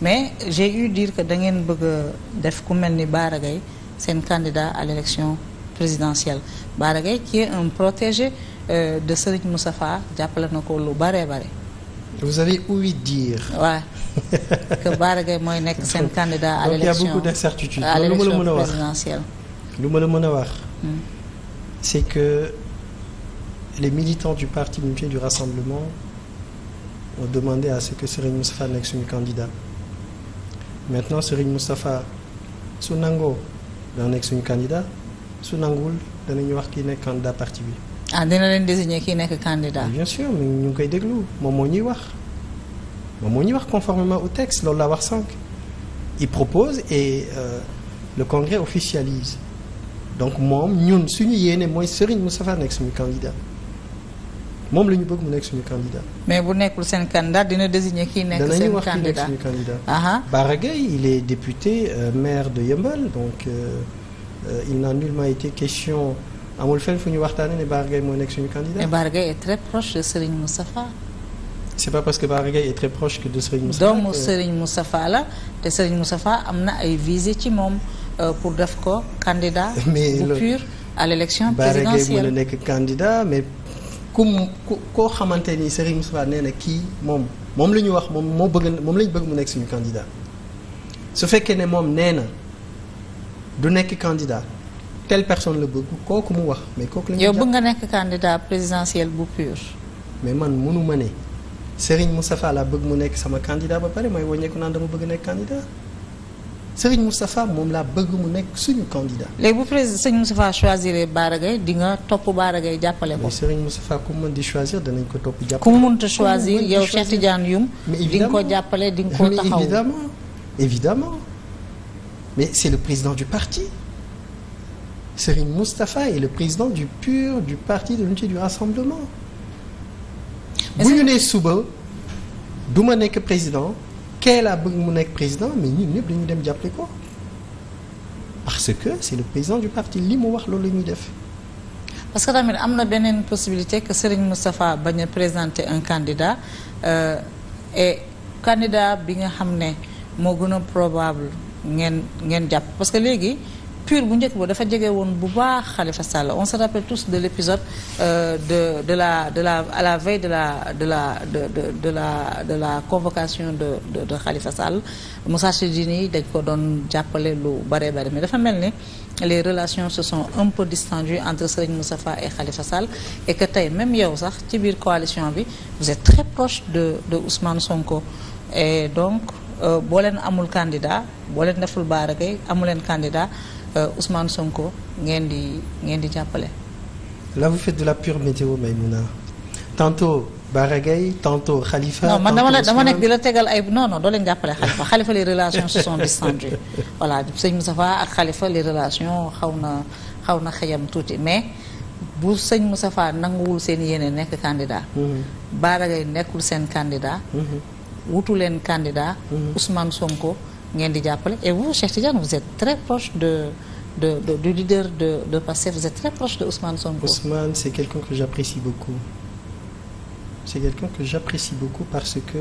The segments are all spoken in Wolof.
mais j'ai eu dire que da ngeen bëgg def ku mel ni Bara Gaye seen candidat à l'élection présidentielle Bara Gaye est un protégé euh, de Serigne Moustapha jàppale na ko lu bare bare vous avez ouï dire. que Bara mooy nekk seen candidat à l'élection donc il y a beaucoup d'incertitudes à l'élection présidentielle lu ma la mën a wax hmm. c'est que les militants du parti Unité du Rassemblement ont demandé à ce que Serigne Moustapha nekk suñu candidat maintenant Serigne Moustapha su nangoo dana nekk suñu candidat su nanguwul danañu wax kii nekk candidat parti bi. ah dina leen désigner kii nekk candidat. bien sûr ñu ngi koy déglu moom moo ñuy wax moom moo ñuy wax conformément au texte loolu laa wax sànq il propose et euh, le congrès officialise donc moom ñun suñu yéene mooy Serigne Moustapha nekk suñu candidat. moom la ñu bëgg mu nekk suñu candidat. mais bu nekkul seen candidat dina désigner kii nekk seen candidat danañu Bara Gaye il est député euh, maire de Yeumbeul donc euh, euh, il n'a nullement été question amul fenn fu ñu waxtaanee ne Bara moo nekk suñu candidat. mais Bara Gaye est très proche de Serigne Moustapha. c'est pas parce que Bara Gaye est très proche que de Serigne Moustapha. doomu Serigne Moustapha la te Serigne Moustapha am na ay visées ci moom euh, pour def ko candidat. mais bu pur à l'élection présidentielle a kum ku koo xamante ni Serigne Moustapha nee na kii moom moom la ñu wax moom moo bëgg moom lañu bëgg mu nekk suñu candidat su fekkee ne moom nee na du nekk candidat tel personne la bëgg kooku mu wax mais kooku la ñu bëgg nga nekk candidat présidentiel bu pur mais man mënu ma ne Serigne Moustapha laa bëgg mu nekk sama candidat ba pare may wàññeeku naan dama bëgg nekk candidat Serigne Moustapha moom laa bëgg mu nekk suñu candidat. léegi bu président Serigne Moustapha choisir Bara Gaye di nga topp Bara Gaye jàppale ko. Serigne Moustapha ku mu mën di choisir ko topp jàppale. ku mu mënta choisir yow Cheikh Tidiane Youm. di nga ko jàppale di nga ko taxaw mais évidemment évidemment mais c'est le président du parti. sëriñ Moustapha est le président du PUR du parti de l'unité du rassemblement. bu ñu nee suba du ma nekk président. kee laa bëgg mu nekk président mais ñun ñëpp dañu dem jàppale ko parce que c'est le président du parti li mu wax loolu la ñuy def. parce que tamit am na beneen possibilité que Serigne Moustapha bañ a présenter un candidat e et bi nga xam ne moo gën a probable ngeen ngeen jàpp parce que léegi. pur bu njëkk ba dafa jege woon bu baax Khalifa Sall on se rappelle tous de l'épisode euh, de de la de la à la veille de la de la de de la de la convocation de xalifa de Khalifa Sall Moussa dañ ko doon jàppale lu bare bare mais dafa mel ni les relations se sont un peu distendues entre Serigne Moustapha et Khalifa Sall et que tey même yow sax ci biir coalition bi vous êtes très proche de de Ousmane Sonko et donc euh, boo leen amul candidat boo leen deful baaragay amu leen candidat. Euh, Ousmane Sonko ngeen di ngeen di jàppale. là vous faites de la pure météo Maïmouna tantôt Bara Gaye tantôt Khalifa. non man dama la dama nekk di la tegal ay non non doo leen jàppale Khalifa Khalifa les relations se sont distendues voilà sëñ Moustapha ak Khalifa les relations xaw na xaw na xëyam tuuti mais. bu sëñ Moustapha nanguwul seen yéene nekk candidat mhm. Bara Gaye nekkul seen candidat mhm. wutu leen candidat mhm. Ousmane Sonko ngeen di jàppale et vous Cheikh vous êtes très proche de de, de, du leader de, de PASTEF. Vous êtes très proche de Ousmane Sonko. Ousmane, c'est quelqu'un que j'apprécie beaucoup. C'est quelqu'un que j'apprécie beaucoup parce que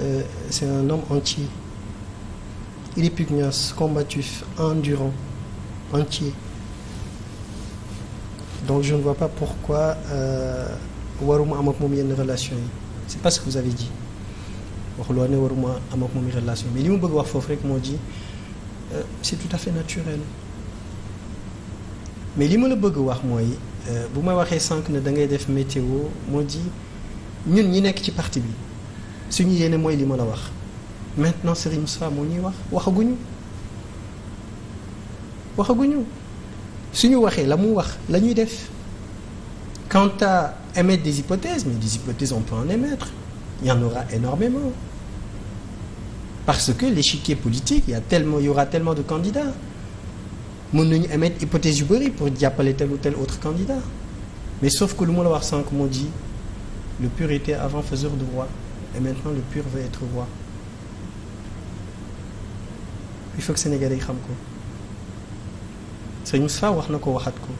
euh, c'est un homme entier. Il est pugnace, combatif, endurant, entier. Donc je ne vois pas pourquoi euh, waruma am ak moom yenn relation yi c'est pas ce que vous avez dit waxuloo ne waruma am ak moom relation mais li mu bëgg wax foofu rek moo di euh, c'est tout à fait naturel mais li ma la bëgg wax mooy euh, bu ma waxee sànq ne da ngay def météo moo di ñun ñi nekk ci parti bi suñu yéene mooy li ma la wax maintenant Serigne Moussa moo ñuy wax waxaguñu waxaguñu suñu waxee la mu wax la ñuy def quant à des hypothèses mais des hypothèses on peut en émettre il y aura énormément parce que l'échiquier politique il y a tellement il y aura tellement de candidats mën nañu émettre hypothèse yu bari pour jàppale tel ou tel autre candidat mais sauf que lu ma la wax sànq moo ji le pur était avant faiseur de roi et maintenant le pur veut être roi il faut que Sénégalais yi xam ko sëñ sa wax na ko waxat ko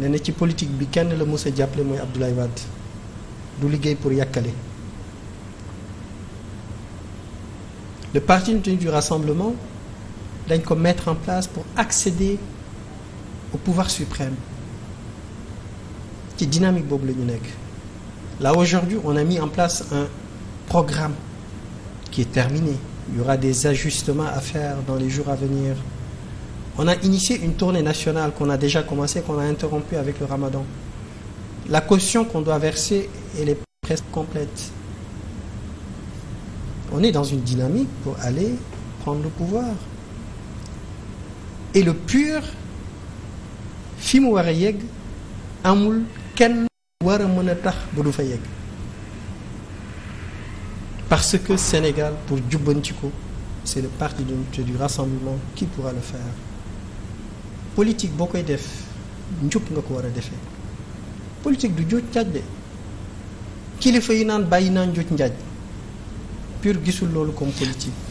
nee na ci politique bi kenn la mos a jàppale mooy Abdoulaye Wade du liggéey pour yàkkale le parti du rassemblement dañ ko mettre en place pour accéder au pouvoir suprême ci dynamique boobu la ñu nekk là aujourd'hui on a mis en place un programme qui est terminé il y aura des ajustements à faire dans les jours à venir on a initié une tournée nationale qu'on a déjà commencée qu'on a interrompue avec le Ramadan la caution qu'on doit verser elle est presque complète on est dans une dynamique pour aller prendre le pouvoir et le pur fi mu war a yegg amul kenn war a mën a tax ba du fa yegg parce que Sénégal pour jubbanti ko c'est le parti d'unité du rassemblement qui pourra le faire politique boo koy def njub nga ko war a defee politique du jóoj njaaj de kilifa yi naan bàyyi naan jóoj njaaj pur gisul loolu comme politique